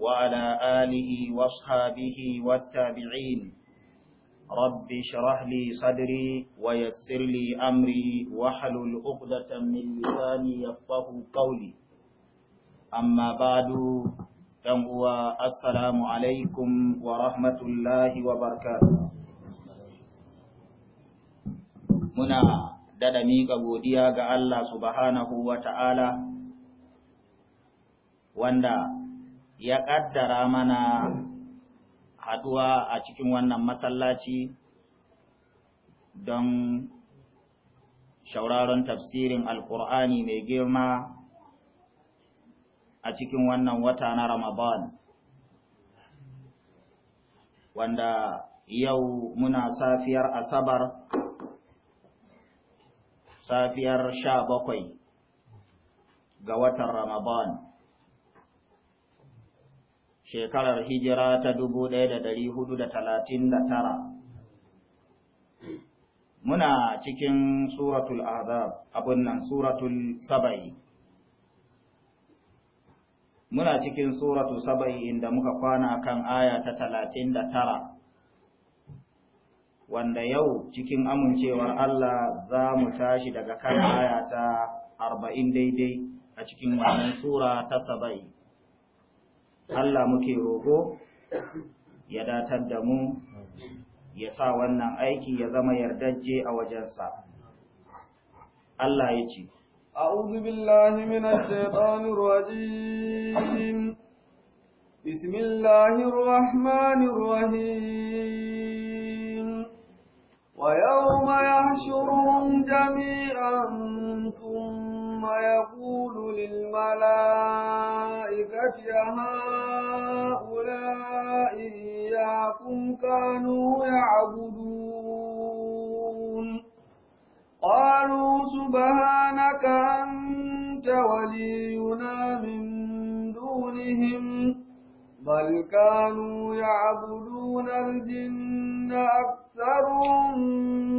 وعلى آله واصحابه والتابعين رب اشرح لي صدري ويسر لي أمري واحلل عقدة من لساني يفقه قولي أما بعد تنقوى السلام عليكم ورحمة الله وبركاته muna dada miƙa godiya ga Allah subhanahu wa ta'ala wanda ya ƙaddara mana haɗuwa a cikin wannan masallaci don shauraron tafsirin alkur'ani mai girma a cikin wannan wata na ramadan wanda yau muna safiyar asabar safiyar sha bakwai ga watan ramadan shekarar hijira ta dubu ɗaya da dari hudu da talatin da tara muna cikin suratul azab abun nan suratul saba'i muna cikin suratul saba'i inda muka kwana kan aya ta talatin da tara wanda yau cikin amincewar Allah za mu tashi daga kan aya ta arba'in daidai a cikin wannan sura ta saba'i Allah muke roƙo ya datar da mu ya sa wannan aiki ya zama yardajje a wajensa. Allah ya ce, A'udhu billahi minash shaitani rajim Bismillahir rahmanir rahim Wa yawma yahshuruhum jami'an ثم يقول للملائكة هؤلاء إياكم كانوا يعبدون قالوا سبحانك أنت ولينا من دونهم بل كانوا يعبدون الجن أكثرهم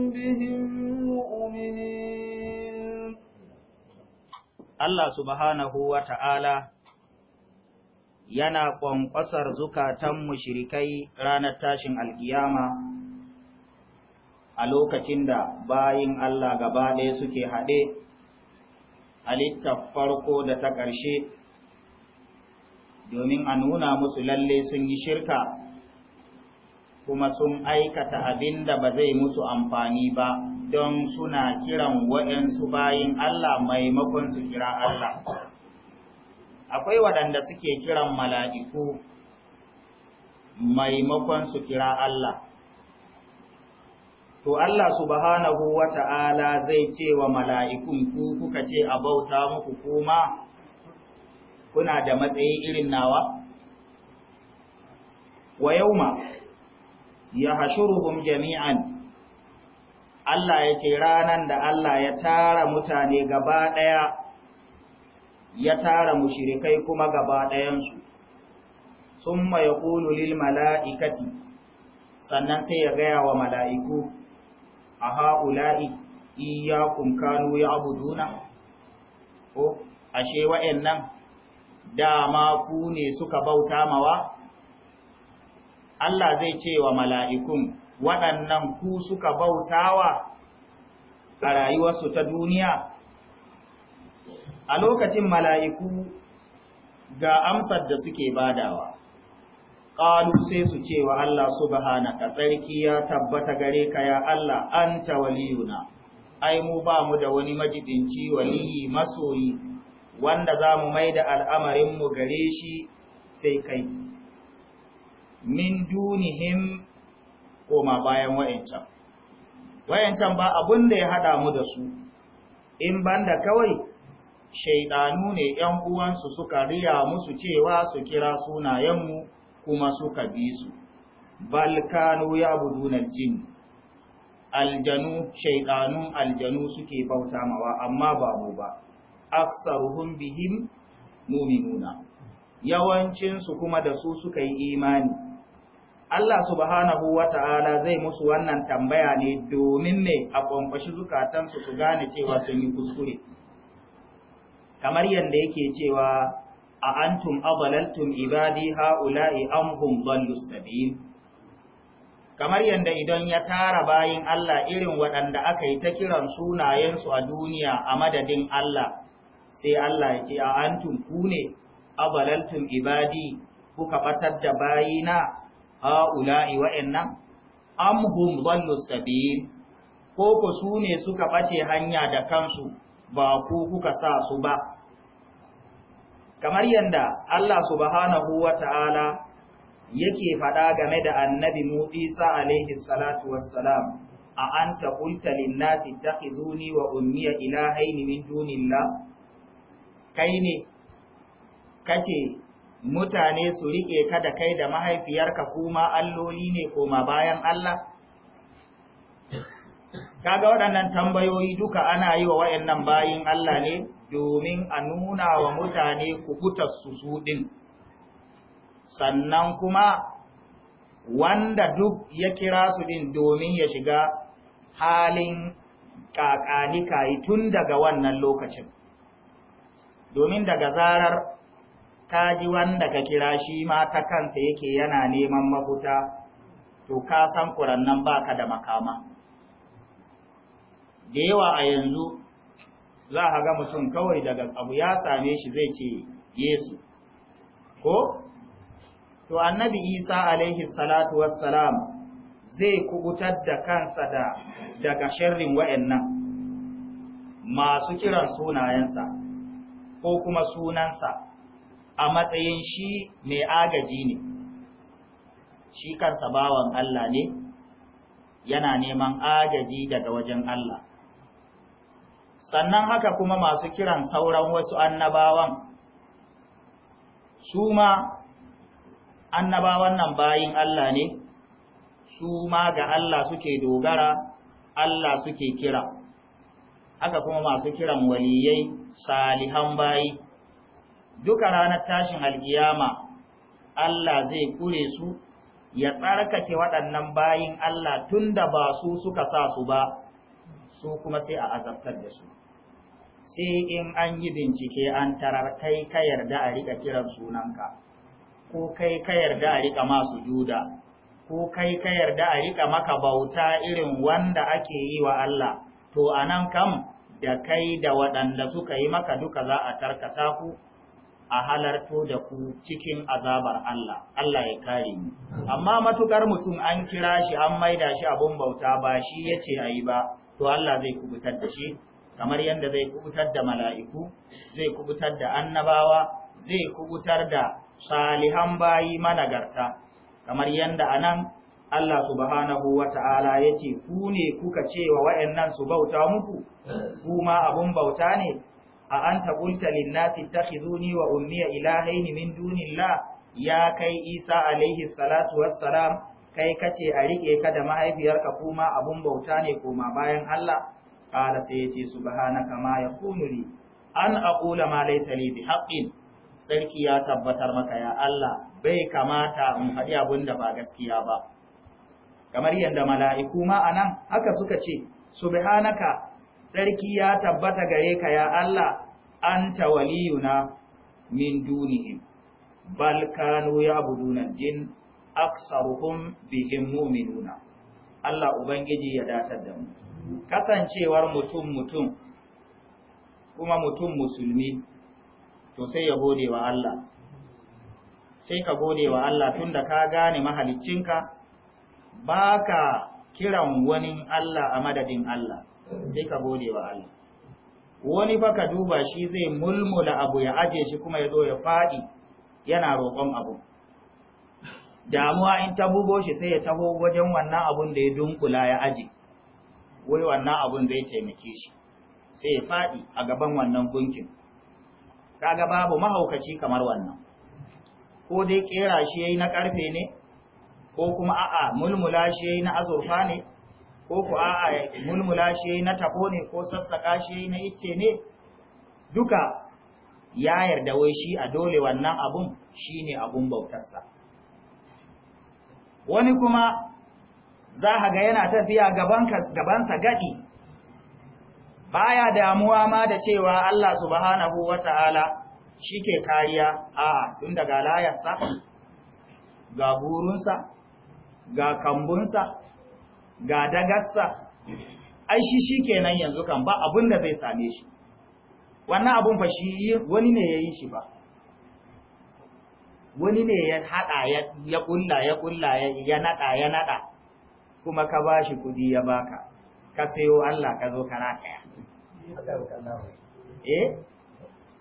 بهم مؤمنين Allah subhanahu wa ta'ala yana ƙwanƙwasar zukatan mushrikai ranar tashin alkiyama a lokacin da bayin Allah gaba ɗaya suke haɗe halittar farko da ta ƙarshe domin a nuna musu lalle sun yi shirka kuma sun aikata abin da ba zai musu amfani ba. don suna kiran waɗansu bayin Allah maimakon su kira Allah. Akwai waɗanda suke kiran mala'iku maimakon su kira Allah. To Allah subhanahu wa ta'ala zai ce wa mala'ikun ku kuka ce a bauta muku kuma kuna da matsayi irin nawa? Wa ma, ya hashuruhum jami'an Allah ya ce ranan da Allah ya tara mutane gaba ɗaya ya tara mushirikai kuma gaba ɗayansu sun ya ƙunu lil mala'ikati sannan sai ya gaya wa mala'iku a ha'ula'i iyakun kunkanu ya abuduna ko ashe wa'yannan dama ku ne suka bauta mawa Allah zai ce wa mala'ikun waɗannan ku suka bautawa a rayuwarsu ta duniya a lokacin mala'iku ga amsar da suke badawa ƙalu sai su ce wa Allah su ka tsarki ya tabbata gare ka ya Allah an ta waliyuna ai mu ba mu da wani majibinci waliyi masoyi wanda za mu mai da al'amarinmu gare shi sai kai min dunihim koma bayan wayancan wayancan ba abun da ya haɗa mu da su in banda kawai shaidanu ne ‘yan uwansu suka riya musu cewa su kira sunayenmu kuma suka bi su, Balkano ya na jin, aljanu, shaidanun aljanu suke bauta mawa amma ba mu ba, aksaruhun bihim muminuna, yawancinsu kuma da su suka yi imani. Allah subhanahu wa ta'ala zai musu wannan tambaya ne domin me a kwankwashi zukatansu su gane cewa sun yi kuskure. Kamar yadda yake cewa a antum abalaltum ibadi ha'ula'i an hum sabil. kamar yadda idan ya tara bayin Allah irin waɗanda aka yi ta kiran sunayensu a duniya a madadin Allah sai Allah ya ce a antum ku ne abalaltum ibadi kuka ɓatar da bayina ha'ula'i wa'annan amhum dhallu sabil ko ko su ne suka bace hanya da kansu ba ku kuka sa su ba kamar yadda Allah subhanahu ta'ala yake faɗa game da annabi Musa alaihi salatu wassalam a anta qulta lin-nasi ittakhizuni wa ummi ilahaini min dunillah kai ne kace mutane su riƙe ka da kai da mahaifiyarka kuma alloli ne koma bayan Allah? Kaga waɗannan tambayoyi duka ana yi wa waɗannan bayin Allah ne domin a nuna wa mutane kukutarsu su ɗin. Sannan kuma wanda duk ya kira su ɗin domin ya shiga halin ƙaƙani kayi tun daga wannan lokacin. Domin daga zarar ka ji wanda ka kira shi ma ta kansa yake yana neman mafuta to ka san kurannan baka da makama da yawa a yanzu za a ga mutum kawai daga abu ya same shi zai ce yesu ko to annabi isa alaihi salatu wassalam zai kubutar da kansa da daga shirin wa'annan masu kiran sunayensa ko kuma sunansa a matsayin shi mai agaji ne shi kansa bawan Allah ne yana neman agaji daga wajen Allah sannan haka kuma masu kiran sauran wasu annabawan su ma annabawan nan bayin Allah ne su ma ga Allah suke dogara Allah suke kira haka kuma masu kiran waliyai salihan bayi duka ranar tashin alkiyama Allah zai kure su ya tsarkake waɗannan bayin Allah tun da ba su suka sa su ba su kuma sai a azabtar da su sai in an yi bincike an tarar kai ka yarda a rika kiran sunanka ko kai ka yarda a rika masu juda ko kai ka yarda a rika maka bauta irin wanda ake yi wa Allah to anan kam da kai da waɗanda suka yi maka duka za a tarkata ku a halarto da ku cikin azabar Allah, Allah ya kare mu. Amma matukar mutum an kira shi an maida shi abun bauta ba shi ya ce a ba, to Allah zai kubutar da shi, kamar yadda zai kubutar da mala'iku, zai kubutar da annabawa, zai kubutar da salihan bayi managarta, kamar yadda a nan Allah subhanahu wa ta'ala ya ce, Ku ne kuka cewa waɗannan su bauta muku, kuma abun bauta ne, a anta qulta lin nasi takhizuni wa ummi ilahaini min dunillah ya kai Isa alaihi salatu wassalam kai kace a rike ka da mahaifiyarka kuma abun bauta ne koma bayan Allah qala sai yace subhanaka ma yakunu li an aqula ma laysa li bihaqqin sarki ya tabbatar maka ya Allah bai kamata in faɗi abin da ba gaskiya ba kamar yadda mala'iku ma anan haka suka ce subhanaka Sarki ya tabbata gare ka ya Allah anta waliyuna min dunihim bal kanu ya'buduna jin aksaruhum bihim mu'minuna Allah ubangiji ya datar da mu kasancewar mutum mutum kuma mutum musulmi to sai ya gode wa Allah sai ka gode wa Allah tunda ka gane mahaliccinka baka kiran wani Allah a madadin Allah sai ka gode wa Allah wani fa ka duba shi zai mulmula abu ya aje shi kuma ya zo ya faɗi yana roƙon abu damuwa in ta bugo shi sai ya taho wajen wannan abun da ya dunkula ya aje wai wannan abun zai taimake shi sai ya faɗi a gaban wannan gunkin kaga babu mahaukaci kamar wannan ko dai kera shi yayi na karfe ne ko kuma a'a mulmula shi yayi na azurfa ne ko ku a'a mulmula shi na tabo ne ko sassaka shi na icce ne duka ya yarda wai shi a dole wannan abun shine abun bautarsa wani kuma za ka ga yana tafiya gabansa gadi baya damuwa ma da cewa Allah subhanahu wata'ala shike kariya a tun daga layarsa ga burunsa ga kambunsa ga dagarsa ai shi shi kenan yanzu kan ba abin da zai same shi wannan abun fa shi wani ne ya yi shi ba wani ne ya haɗa ya ƙulla ya ƙulla ya naɗa ya naɗa kuma ka ba shi kudi ya baka ka sayo Allah ka zo ka rataya eh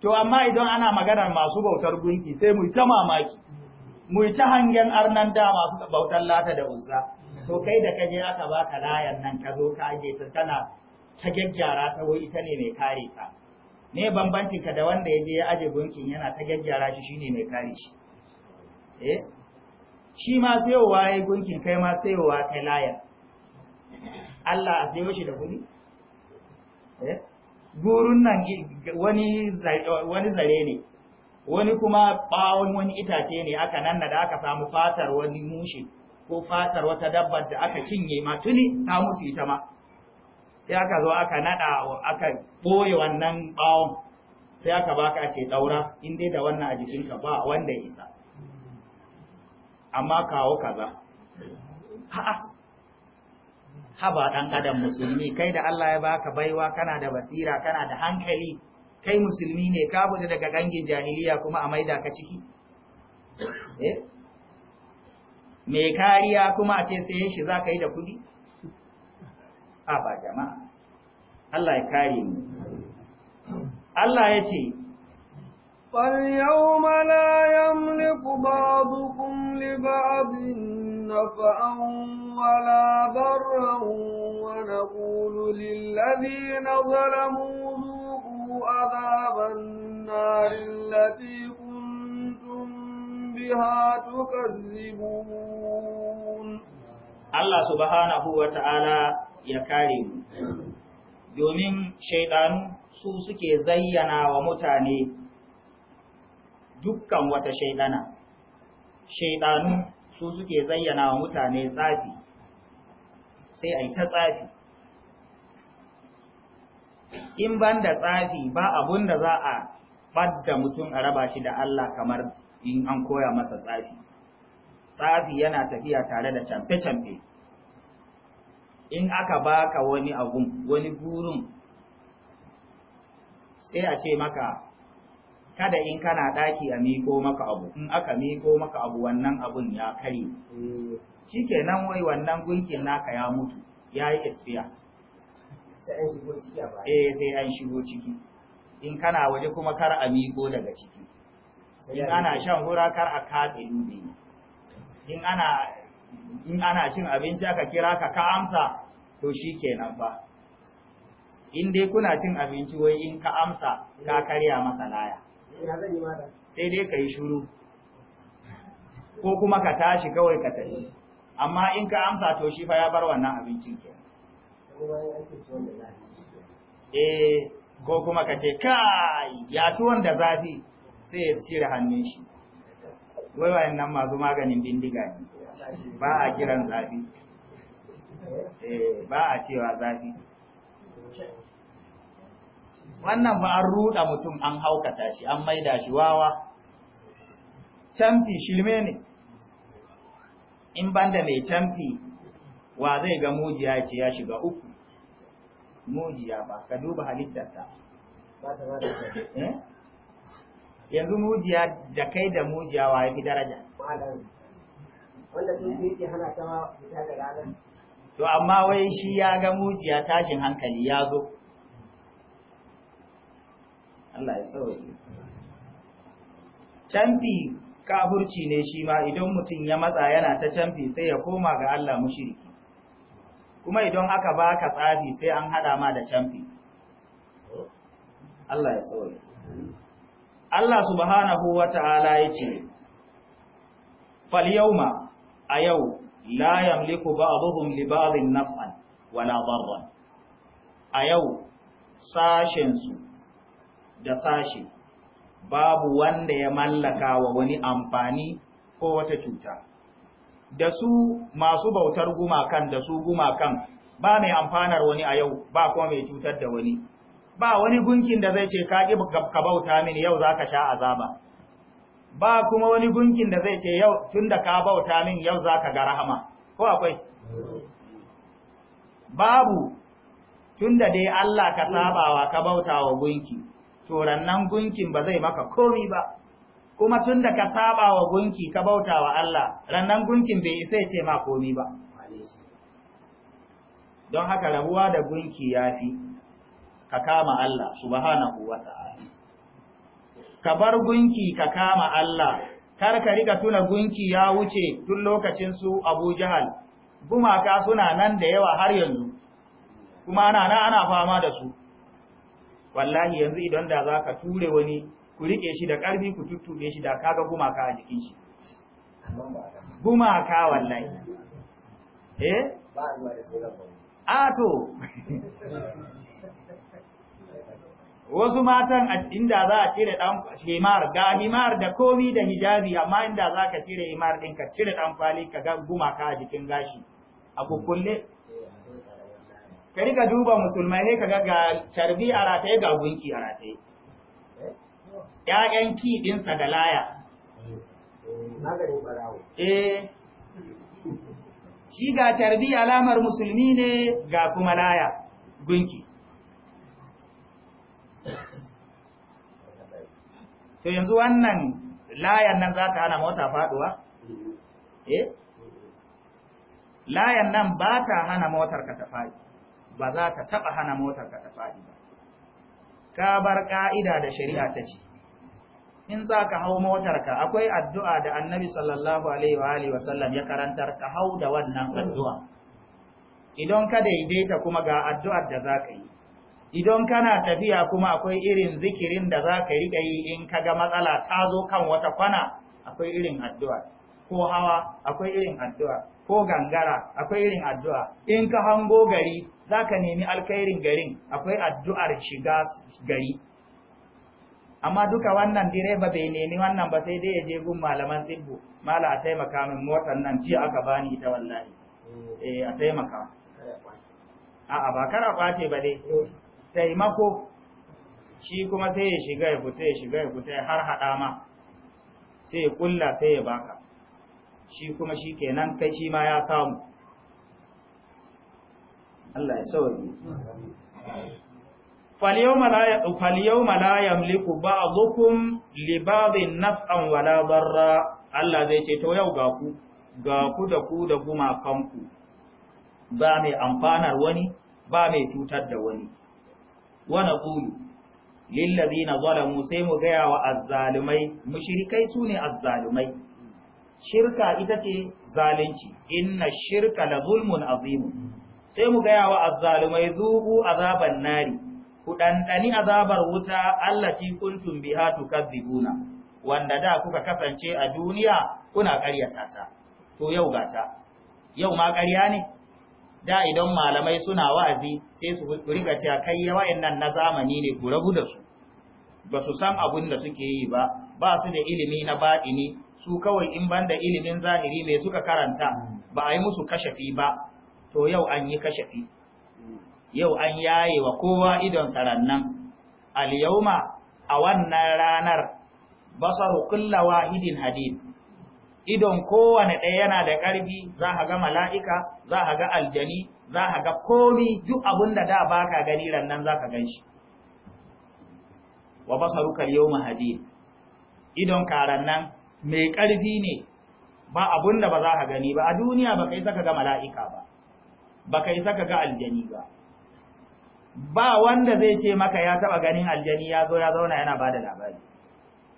to amma idan ana maganar masu bautar gunki sai mu ta mamaki mu ta hangen arnan da masu bautar lata da uzza to kai da kaje aka baka layan nan ka zo ka aje ta tana ta gyaggyara ta wai ita ne mai kare ka ne bambanci ka da wanda yaje ya aje gunkin yana ta gyaggyara shi shine mai kare shi eh shi ma sayowa yayi gunkin kai ma sayowa kai layan Allah a sayo shi da kuɗi eh gurun nan wani wani zare ne wani kuma bawon wani itace ne aka nan da aka samu fatar wani mushi ko fatar wata dabbar da aka cinye ma tuni ta mutu ita ma sai aka zo aka nada aka boye wannan bawon sai aka baka ce daura in dai da wannan a jikinka ba wanda ya isa amma kawo kaza a'a ba ɗan adam musulmi kai da Allah ya baka baiwa kana da basira kana da hankali kai musulmi ne ka bude daga gangin jahiliya kuma a maida ka ciki eh mai kariya kuma a ce sai shi za ka yi da kudi? A ba jama'a, Allah ya kare mu. Allah ya ce, فاليوم لا يملك بعضكم لبعض نفعا ولا برا ونقول للذين ظلموا ذوقوا عذاب النار التي كنتم بها تكذبون Allah subhanahu wa ta'ala ya kare mu. Domin shaidanu su suke zayyana wa mutane dukkan wata shaidana. Shaidanu su suke zayyana wa mutane tsafi, sai a yi ta tsafi. In ban da tsafi ba abun da za a ɓadda mutum a raba shi da Allah kamar in an koya masa tsafi. tsafi yana tafiya tare da canfe-canfe in aka baka wani abun wani gurin sai a ce maka kada in kana daki a miko maka abu in aka miko maka abu wannan abun ya kare nan wai wannan gunkin naka ya mutu ya yi expire eh sai an shigo ciki in kana waje kuma kar a miko daga ciki in ana shan hura kar a katse ne in ana cin abinci aka kira ka ka amsa to shi kenan ba in dai kuna cin abinci wai in ka amsa ka karya masa laya sai dai ka yi shuru ko kuma ka tashi kawai ka tafi amma in ka amsa to shi fa ya bar wannan abincin ke eh ko kuma ka ce kai ya tuwon da zafi sai ya cire hannun shi wai nan masu maganin bindiga ne ba a kiran zafi eh, ba a cewa zafi wannan ba an ruɗa mutum an haukata shi an maida shi wawa camfi shilme ne in banda mai camfi wa zai ga mujiya ce ya shiga uku mujiya ba ka duba halittarta eh? yanzu mujiya da kai da mujiya wa ya fi daraja to amma wai shi ya ga mujiya tashin hankali ya zo Allah ya canfi kafurci ne shi ma idan mutum ya matsa yana ta canfi sai ya koma ga Allah mushiriki kuma idan aka baka tsafi sai an hada ma da canfi Allah ya saurari Allah subhanahu wa ta'ala ya ce, ma a yau, la yamliku ba abubuwan libarin naf'an wala barran. A yau, sashensu da sashe, babu wanda ya mallaka wa wani amfani ko wata cuta. Da su masu bautar gumakan da su gumakan ba mai amfanar wani a yau ba kuma mai cutar da wani. ba wani gunkin da zai ce ka ƙi ka bauta mini yau za ka sha azaba ba kuma wani gunkin da zai ce yau tun da ka bauta min yau za ka ga rahama ko akwai babu tun da dai Allah ka sabawa ka bauta wa gunki to rannan gunkin ba zai maka komi ba kuma tun da ka sabawa wa gunki ka bauta wa Allah rannan gunkin bai isa ce ma komi ba don haka rabuwa da gunki yafi ka kama Allah subhanahu wa ta'ala ka bar gunki ka kama Allah kar ka rika tuna gunki ya wuce tun lokacin su Abu Jahal gumaka suna nan da yawa har yanzu kuma ana nan ana fama da su wallahi yanzu idan da za ka ture wani ku riƙe shi da ƙarfi ku tuttube shi da kaga gumaka a jikin shi gumaka wallahi eh ba a ah, to wasu matan inda za a cire dan himar ga himar da komi da hijabi amma inda za ka cire himar din ka cire dan fali ka ga gumaka a jikin gashi a kukkulle ka rika duba musulmai sai ka ga ga charbi a rataye ga gunki a rataye ƴaƴan ki din sa da laya eh shi ga charbi alamar musulmi ne ga kuma laya gunki to yanzu wannan layan nan za ta hana mota faduwa? eh layan nan ba ta hana motar ka ta fadi ba za ta taba hana motar ka ta fadi ba ka bar ka'ida da shari'a ta ce in za ka hau motar ka akwai addu'a da annabi sallallahu alaihi wa alihi wasallam ya karantar ka hau da wannan addu'a idan ka daidaita kuma ga addu'ar da za ka yi idan kana tafiya kuma akwai irin zikirin da za ka riƙa yi in ka ga matsala ta zo kan wata kwana akwai irin addu'a ko hawa akwai irin addu'a ko gangara akwai irin addu'a in ka hango gari za ka nemi alkairin garin akwai addu'ar shiga gari amma duka wannan direba bai nemi wannan ba sai dai ya je gun malaman tsibbu mala a taimaka min motar nan jiya aka bani ita wallahi mm. eh, a taimaka a'a ba kar a kwace ba dai taimako shi kuma sai ya shiga ya fita ya shiga ya fita ya har haɗa ma sai ya kulla sai ya baka shi kuma shi kenan kai shi ma ya samu Allah ya sauri falyawma la yamliku ba'dukum li ba'din naf'an wala barra Allah zai ce to yau ga ku ga ku da ku da kanku ba mai amfanar wani ba mai cutar da wani wa naqulu lil ladina zalamu sai mu gaya wa azzalumai mushrikai ne azzalumai shirka ita ce zalunci inna shirka la zulmun azimu. sai mu gaya wa azzalumai zubu azaban nari ku dandani azabar wuta allati kuntum biha tukadzibuna wanda da kuka kasance a duniya kuna ƙaryata ta to yau gata yau ma ƙarya ne da idan malamai suna wa'azi sai su riga cewa kai nan na zamani ne ku rabu da su ba su san abin da suke yi ba ba su da ilimi na baɗini su kawai in banda ilimin zahiri mai suka karanta ba a yi musu kashafi ba to yau an yi kashafi yau an yaye wa kowa idon sarannan al yauma a wannan ranar basaru kulla wahidin idon kowane ɗaya yana da ƙarfi za a ga mala'ika za a ga aljani za a ga komi duk abin da da ba ka gani rannan za ka gan shi wa basarukar yau mahadin idon karan nan mai ƙarfi ne ba abin da ba za ka gani ba a duniya ba kai saka ga mala'ika ba ba kai saka ga aljani ba ba wanda zai ce maka ya taɓa ganin aljani ya zo ya zauna yana ba da labari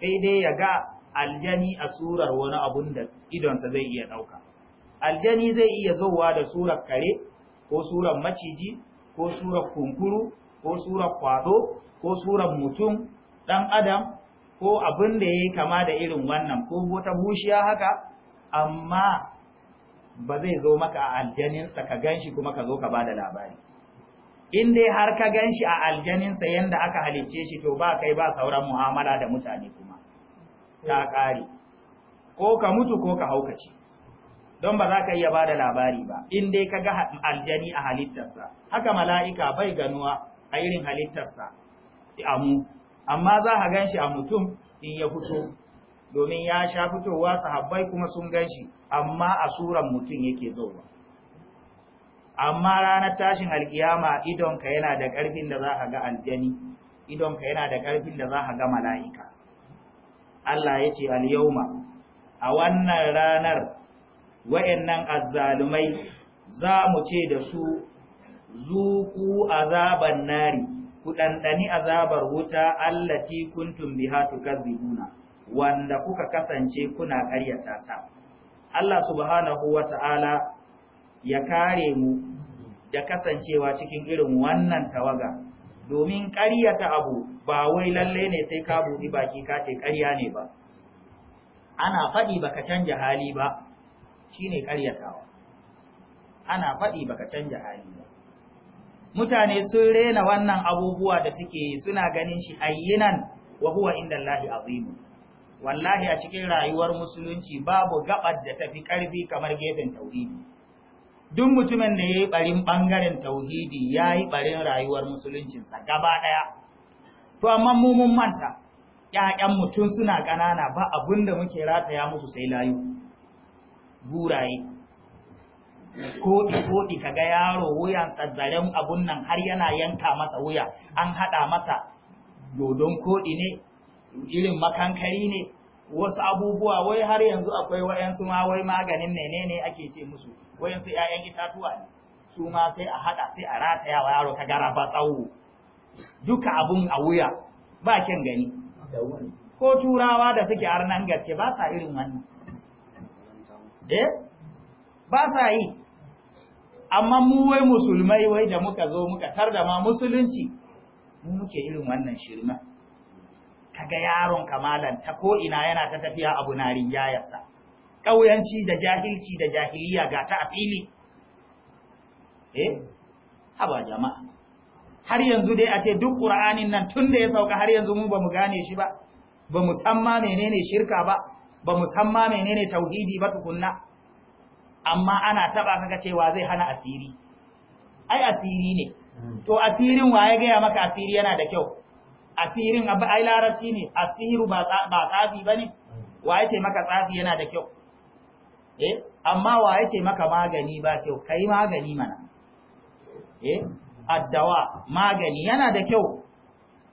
sai dai ya ga aljani a surar wani abun da idonsa zai iya ɗauka aljani zai iya zowa da surar kare ko surar maciji ko surar kunkuru ko surar kwado ko surar mutum ɗan adam ko abin da ya yi kama da irin wannan ko wata bushiya haka amma ba zai zo maka a aljaninsa ka ganshi kuma ka zo ka ba da labari in dai har ka ganshi a aljaninsa yadda aka halicce shi to ba kai ba sauran mu'amala da mutane ko ta ƙare ko ka mutu ko ka haukace don ba za ka iya ba da labari ba in dai ka ga aljani a halittarsa haka mala'ika bai ganuwa a irin halittarsa amu amma za a gan shi a mutum in ya fito domin ya sha fitowa sahabbai kuma sun gan shi amma a suran mutum yake zauwa amma ranar tashin alkiyama idonka yana da ƙarfin da za a ga aljani idonka yana da ƙarfin da za a ga mala'ika Allah ya ce al-yawma a wannan ranar wayannan azzalumai za mu ce da su zuku azaban nari ku ɗanɗani azabar wuta allati kuntum biha tukadzibuna wanda kuka kasance kuna ƙaryata ta Allah subhanahu ta'ala ya kare mu da kasancewa cikin irin wannan tawaga domin ƙaryata abu ba wai lalle ne sai ka buɗi baki ka ce ƙarya ne ba ana faɗi baka canja hali ba shine ƙaryatawa ana faɗi baka canja hali ba mutane sun rena wannan abubuwa da suke yi suna ganin shi ayyinan wa huwa inda Allahi azimu wallahi a cikin rayuwar musulunci babu gabar da tafi karfi kamar gefen tauhidi duk mutumin da ya yi ɓarin ɓangaren tauhidi ya yi ɓarin rayuwar musuluncinsa gaba ɗaya to amma mummun manta 'ya'yan mutum suna ƙanana ba abin da muke rataya musu sai layu guraye koɗi koɗi ga yaro wuyan tsazzaren abun nan har yana yanka masa wuya an haɗa masa dodon koɗi ne irin makankari ne wasu abubuwa wai har yanzu akwai wa'yansu ma wai maganin menene ake ce musu wa'yansu ‘ya'yan itatuwa ne su ma sai a haɗa sai a rataya wa yaro ka gara ba tsawo duka abun a wuya ba kyan gani ko turawa da suke nan gaske ba sa irin wannan eh ba sa yi amma mu wai musulmai wai da muka zo muka tar da ma musulunci mu muke irin wannan shirma Ka ga yaron kamalan ta ko ina yana ta tafiya abu na rinjayarsa ƙauyanci da jahilci da jahiliya ga ta a fili eh haba jama'a har yanzu dai a ce duk ƙura'anin nan tun da ya sauka har yanzu mu bamu gane shi ba bamu mu san ma menene shirka ba bamu mu san ma menene tauhidi ba tukunna amma ana taba kaga cewa zai hana asiri ai asiri ne hmm. to asirin waye ga gaya maka asiri yana da kyau asirin abu ai larabci ne asiru ba tsafi ba ne wa ya ce maka tsafi yana da kyau eh amma wa ya ce maka magani ba kyau ka yi magani mana eh addawa magani yana da kyau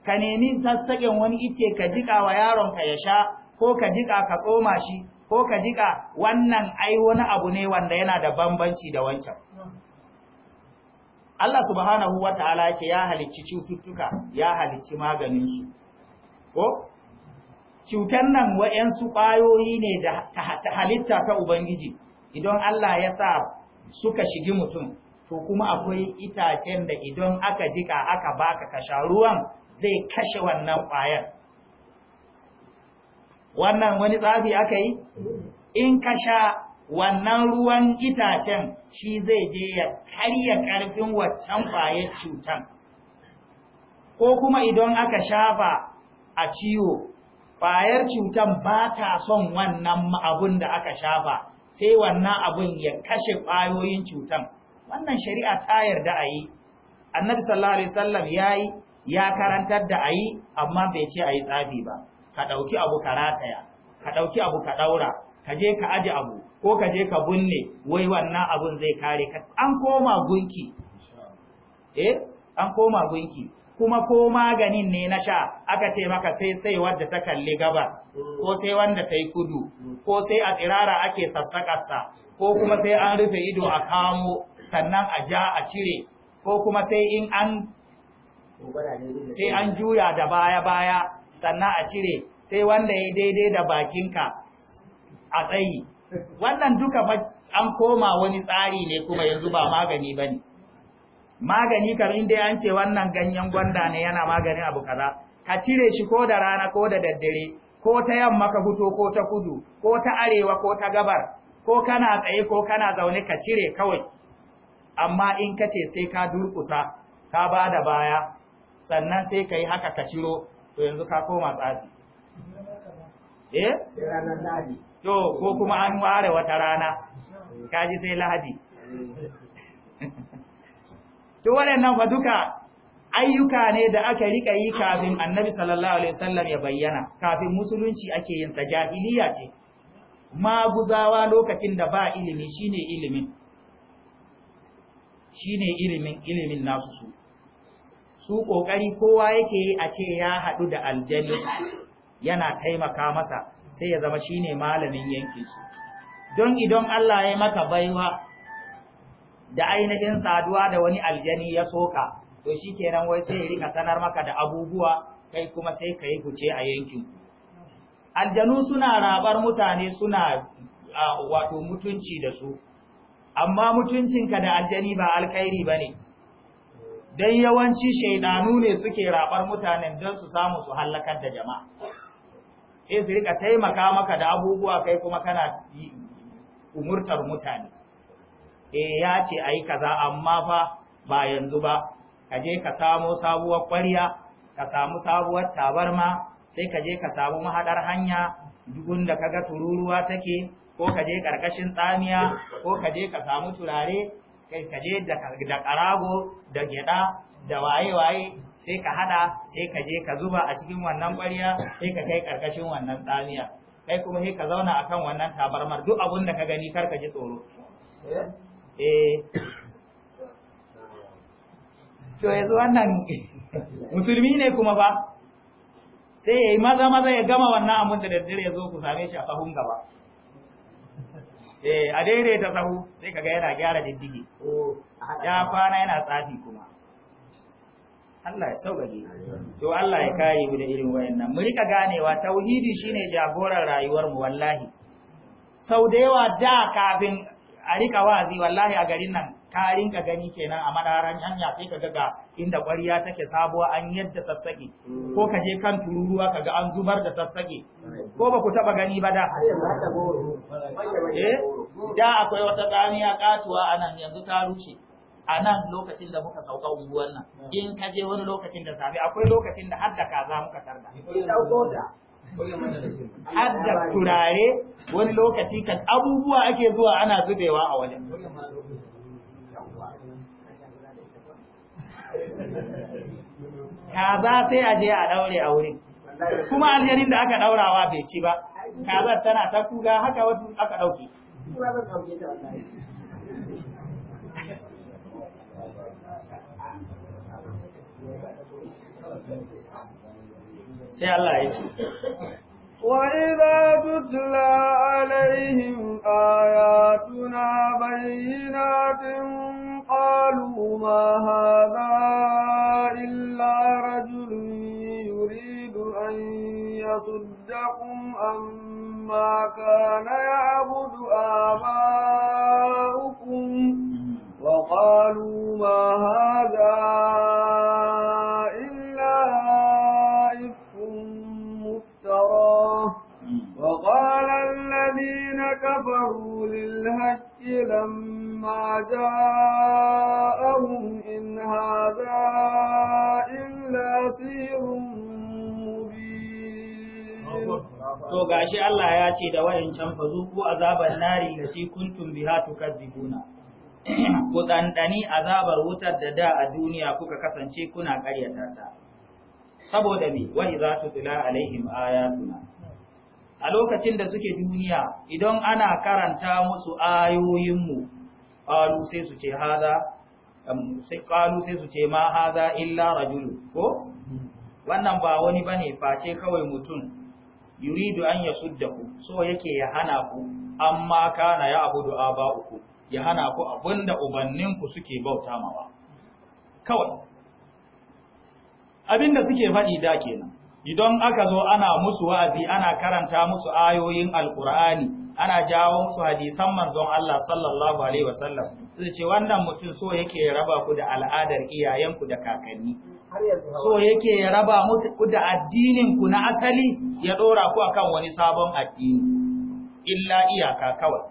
ka nemi sassaƙen wani ice ka jika wa yaronka ya sha ko ka jika ka tsoma shi ko ka jika wannan ai wani abu ne wanda yana da bambanci da wancan Allah subhanahu wa ta'ala yake ya halicci cututtuka ya halicci maganinsu ko cutan nan wa'yansu ƙwayoyi ne da ta halitta ta ubangiji idan Allah ya sa suka shigi mutum to kuma akwai itacen da idan aka jika aka baka kasha ruwan zai kashe wannan ƙwayar wannan wani tsafi aka yi in ka sha wannan ruwan itacen shi zai je ya karya ƙarfin waccan ƙwayar cutan ko kuma idan aka shafa a ciwo ƙwayar cutan ba ta son wannan abun da aka shafa sai wannan abun ya kashe ƙwayoyin cutan wannan shari'a ta yarda a yi annabi sallallahu alaihi wasallam yayi ya karantar da ayi amma bai ce a yi tsafi ba ka ɗauki abu ka rataya ka ɗauki abu ka ɗaura, ka je ka aje abu ko ka je ka binne wai wannan abun zai kare ka an koma gunki eh an koma gunki kuma ko maganin ne na sha aka ce maka sai sai wadda ta kalli gaba ko sai wanda ta yi kudu ko sai a tsirara ake sassakarsa ko kuma sai an rufe ido a kamo sannan a ja a cire ko kuma sai in an sai an juya da baya-baya sannan a cire sai wanda ya daidai da bakinka a tsayi wannan duka an koma wani tsari ne kuma yanzu ba magani ba ne magani kamar inda an ce wannan ganyen gwanda ne yana maganin abu kaza ka cire shi ko da rana ko da daddare ko ta yamma ka fito ko ta kudu ko ta arewa ko ta gabar ko kana tsaye ko kana zaune ka cire kawai amma in ka ce sai ka durkusa ka ba da baya sannan sai ka yi haka ka ciro to yanzu ka koma tsari. eh to ko kuma an ware wata rana kaji sai lahadi to wannan fa duka ayyuka ne da aka rika yi kafin annabi sallallahu alaihi wasallam ya bayyana kafin musulunci ake yin ta jahiliya ce maguzawa lokacin da ba ilimi shine ilimin shine ilimin ilimin nasu su su kokari kowa yake yi a ce ya hadu da aljani yana taimaka masa sai ya zama shine malamin yankin su don idan Allah ya maka baiwa da ainihin saduwa da wani aljani ya soka to shikenan wai sai ya rika sanar maka da abubuwa kai kuma sai kai guce a yankin aljanu suna rabar mutane suna wato mutunci da su amma mutuncinka da aljani ba alkhairi bane don yawanci shaidanu ne suke rabar mutanen don su samu su hallakar da jama'a in su rika taimaka maka da abubuwa kai kuma kana umurtar mutane E, ya ce a yi kaza amma fa ba yanzu ba ka je ka samo sabuwar ƙwarya ka samu sabuwar tabarma sai ka je ka samu mahaɗar hanya dugun da kaga tururuwa take ko ka je karkashin tsamiya ko ka je ka samu turare kai ka je da karago da gyada da waye-waye sai ka hada sai ka je ka zuba a cikin wannan ƙwarya sai ka kai ƙarƙashin wannan tsamiya kai kuma sai ka zauna a kan wannan tabarmar duk abin da ka gani kar ka ji tsoro eh. Eh. to yanzu wannan musulmi ne kuma ba sai ya yi maza maza ya gama wannan abun da daddare ya zo ku same shi a sahun gaba a eh, a daidaita sahu sai ka ga yana gyara diddigi oh. ya kwana yana tsafi kuma Allah ya sauƙaƙe to Allah ya kare mu da irin wayannan mu rika ganewa tauhidi shine jagoran rayuwar mu wallahi sau da yawa da kafin a rika wazi wallahi a garin nan ka rinka gani kenan a madaran hanya sai ka ga inda ƙwariya take sabuwa an yadda sassaƙe ko ka je kan tururuwa ka ga an zubar da sassaƙe ko ba ku taɓa gani ba da eh da akwai wata tsamiya katuwa anan yanzu ta rushe a nan lokacin da muka sauka unguwan nan in ka je wani lokacin da safe akwai lokacin da har da kaza muka tarda har da turare wani lokaci kan abubuwa ake zuwa ana zubewa a wajen kaza sai a je a daure a wurin kuma aljanin da aka daurawa bai ci ba kazar tana ta kuga haka wasu aka dauke sai Allah ya ce وإذا تتلى عليهم آياتنا بينات قالوا ما هذا إلا رجل يريد أن يصدكم أما كان يعبد آباؤكم وقالوا ما هذا إفك مفترى وقال الذين كفروا للهك لما جاءهم إن هذا إلا سير To gashi Allah ya ce da wayancan fa zuku azabar nari da fi kuntum biha tukadzibuna. Ku dandani azabar wutar da da a duniya kuka kasance kuna ƙaryata ta. saboda me wa idza tutla alaihim ayatuna a lokacin da suke duniya idan ana karanta musu ayoyinmu qalu sai su ce hada sai qalu sai su ce ma hada illa rajul ko wannan ba wani bane face kawai mutum yuridu an yasuddaku so yake ya hana ku amma kana ya abudu abaku ya hana ku abinda ubanninku suke bauta mawa kawai abinda suke faɗi da kenan idan aka zo ana musu wa'azi ana karanta musu ayoyin alkur'ani ana jawo musu hadisan manzon Allah sallallahu alaihi wasallam su ce wannan mutum so yake raba ku da al'adar iyayenku da kakanni so yake raba ku da addinin ku na asali ya dora ku akan wani sabon addini illa iyaka kawai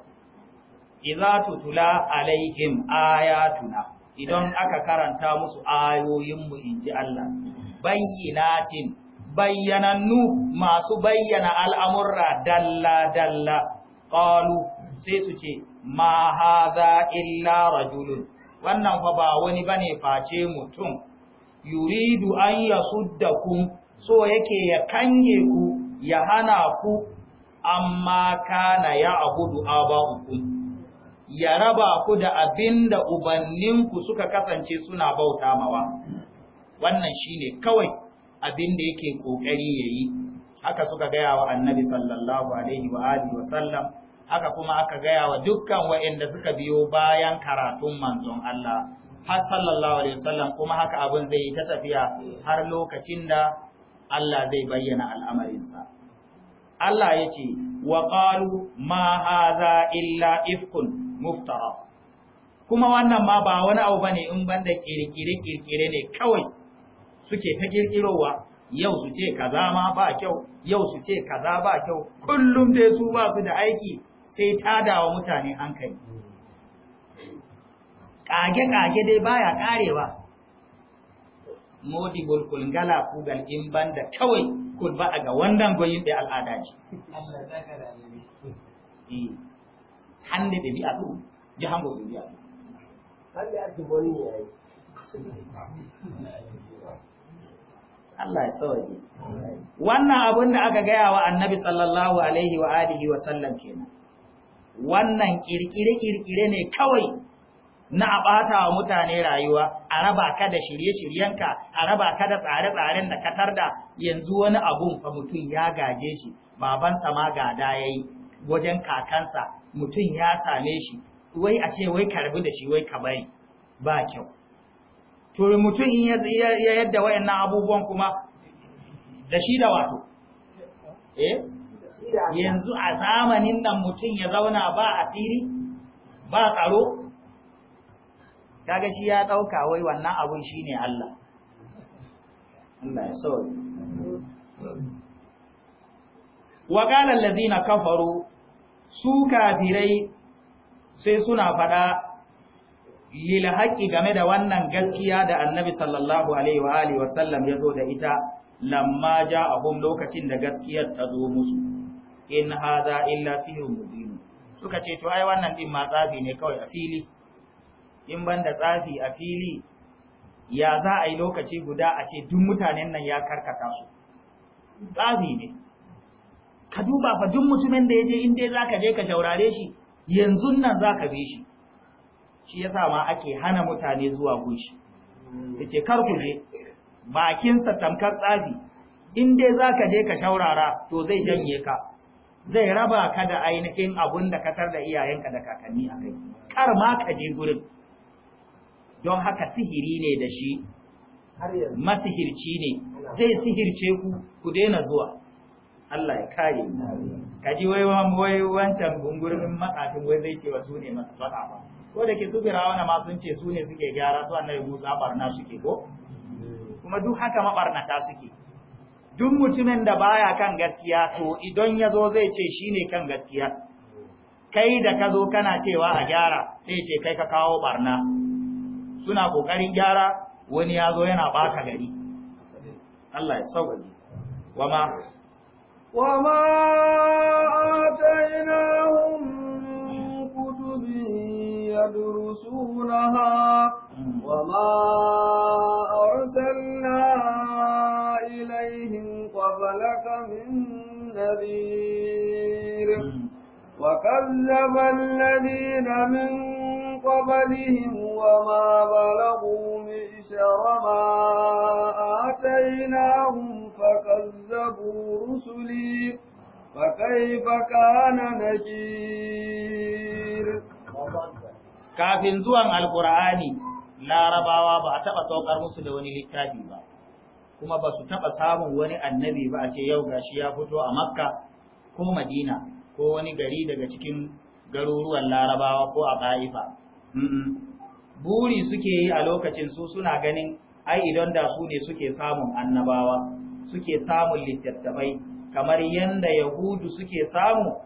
idza tutula alaihim ayatuna idan aka karanta musu ayoyin mu inji Allah bayyinatin bayyanannu masu bayyana al'amurra dalla-dalla ƙalu sai su ce ma haza illa rajulun wannan fa ba wani bane face mutum yuridu an ya ku so yake ya kange ku ya hana ku amma kana ya abudu aba'ukum ya raba ku da abinda ubanninku suka kasance suna bauta mawa wannan shine kawai abin da yake kokari yayi haka suka gaya wa annabi sallallahu alaihi wa alihi wa sallam haka kuma aka gaya wa dukkan waɗanda suka biyo bayan karatun manzon Allah har sallallahu alaihi kuma haka abin zai yi ta tafiya har lokacin da Allah zai bayyana al'amarinsa Allah ya ce wa qalu ma hadha illa ifkun muftara kuma wannan ma ba wani abu bane in banda kirkire kirkire ne kawai suke ta girgirowa, yau su ce kaza ma ba kyau yau su ce kaza ba kyau kullum dai su ba su da aiki sai tadawa mutane hankali kage-kage dai baya karewa modibul kulgala kugal in banda kawai kulba ba ga wannan goyin da al'ada ce Allah ya sauke wannan abin da aka gaya wa annabi sallallahu alaihi wa alihi wa sallam kenan wannan kirkire kirkire ne kawai na a ɓata wa mutane rayuwa a raba ka da shirye-shiryenka a raba ka da tsare-tsaren da ka tarda yanzu wani abun fa mutum ya gaje shi babansa ma gada yayi wajen kakansa mutum ya same shi wai a ce wai karbi da shi wai ka bari ba kyau to mutum in ya yadda wayannan abubuwan kuma da shi da wato eh yanzu a zamanin nan mutum ya zauna ba asiri ba tsaro kaga shi ya dauka wai wannan abun shine Allah Allah ya sauri wa qala allazina kafaru su kafirai sai suna fada lil game da wannan gaskiya da annabi sallallahu alaihi wa alihi wasallam ya zo da ita lamma hum lokacin da gaskiyar ta zo musu in hadha illa sihrun mubin suka ce to ai wannan din ma tsafi ne kawai a fili in banda tsafi a fili ya za a yi lokaci guda a ce duk mutanen nan ya karkata su tsafi ne ka duba fa duk mutumin da ya je in dai zaka je ka shaurare shi yanzu nan zaka bi shi shi yasa ma ake hana mutane zuwa gunshi yace kar ku je bakinsa tamkar tsafi in dai zaka je ka shaurara to zai janye ka zai raba ka da ainihin abun da ka tar iyayenka da kakanni a kai kar ma ka je gurin don haka sihiri ne da shi masihirci ne zai sihirce ku ku daina zuwa Allah ya kare ka ji wai wancan gungurin matsafin wai zai ce wa su ne masu faɗa ba ko da ke su firawuna ma sun ce su ne suke gyara su annabi Musa barna suke ko kuma duk haka mabarnata suke duk mutumin da baya kan gaskiya to idan yazo zai ce shine kan gaskiya kai da ka zo kana cewa a gyara sai ce kai ka kawo barna suna kokarin gyara wani yazo yana baka gari Allah ya sauƙaƙe wama wama atainahum kutubi يدرسونها وما أرسلنا إليهم قبلك من نذير وكذب الذين من قبلهم وما بلغوا مئشر ما آتيناهم فكذبوا رسلي فكيف كان نكير kafin zuwan alkur'ani larabawa ba a taɓa saukar musu da wani littafi ba kuma ba su taɓa samun wani annabi ba a ce yau gashi ya fito a makka ko madina ko wani gari daga cikin garuruwan larabawa ko a ba'ifa buri suke yi a lokacin su suna ganin ai idan da su ne suke samun annabawa suke samun littattafai kamar yadda yahudu suke samu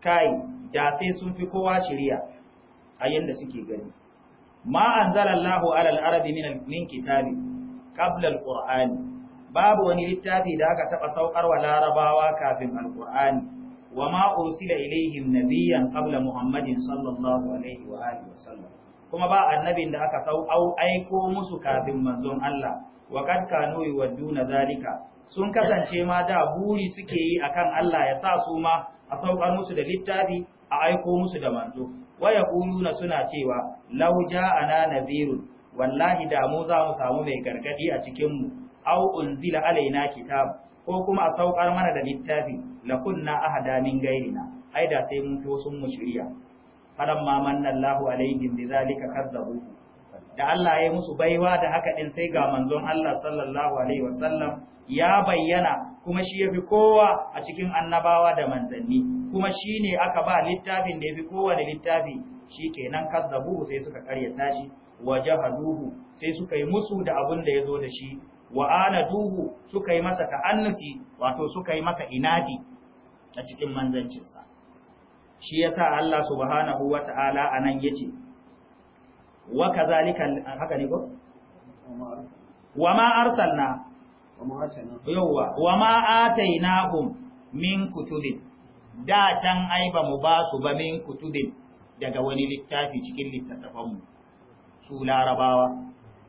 kai da sai sun fi kowa shirya a yanda suke gani ma anzalallahu alal arabi min min kitabi qabla alqur'ani babu wani littafi da aka taɓa saukar wa larabawa kafin Alƙur'ani, wa ma ursila ilaihim nabiyyan qabla muhammadin sallallahu alaihi wa alihi wasallam kuma ba annabin da aka sau au aiko musu kafin manzon Allah wa kad wa yuwadduna zalika sun kasance ma da buri suke yi akan Allah ya sa su ma a saukar musu da littafi a aiko musu da manzo waya ƙuluna suna cewa lauja ana nazirun wallahi da mu za mu samu mai gargadi a cikinmu au unzila alaina kitab ko kuma a saukar mana da littafi lakunna ahada min gairina ai da sai mun to sun mushriya fadan ma manna Allahu alaihim zalika kadzabu da Allah ya musu baiwa da haka din sai ga manzon Allah sallallahu alaihi wasallam ya bayyana kuma shi yafi kowa a cikin annabawa da manzanni kuma shi ne aka ba littafin da yafi da littafi shi kenan kazzabu sai suka karyata shi wa jahaduhu sai suka yi musu da abin da ya zo da shi wa anaduhu suka yi masa ta'annuti wato suka yi masa inadi a cikin manzancinsa shi yasa Allah subhanahu wata'ala anan yace wa kazalika haka ne ko wa ma arsalna Wa wa ma'atai nahum min kutubin da can ai ba mu ba su ba min kutubin daga wani littafi cikin mu, su larabawa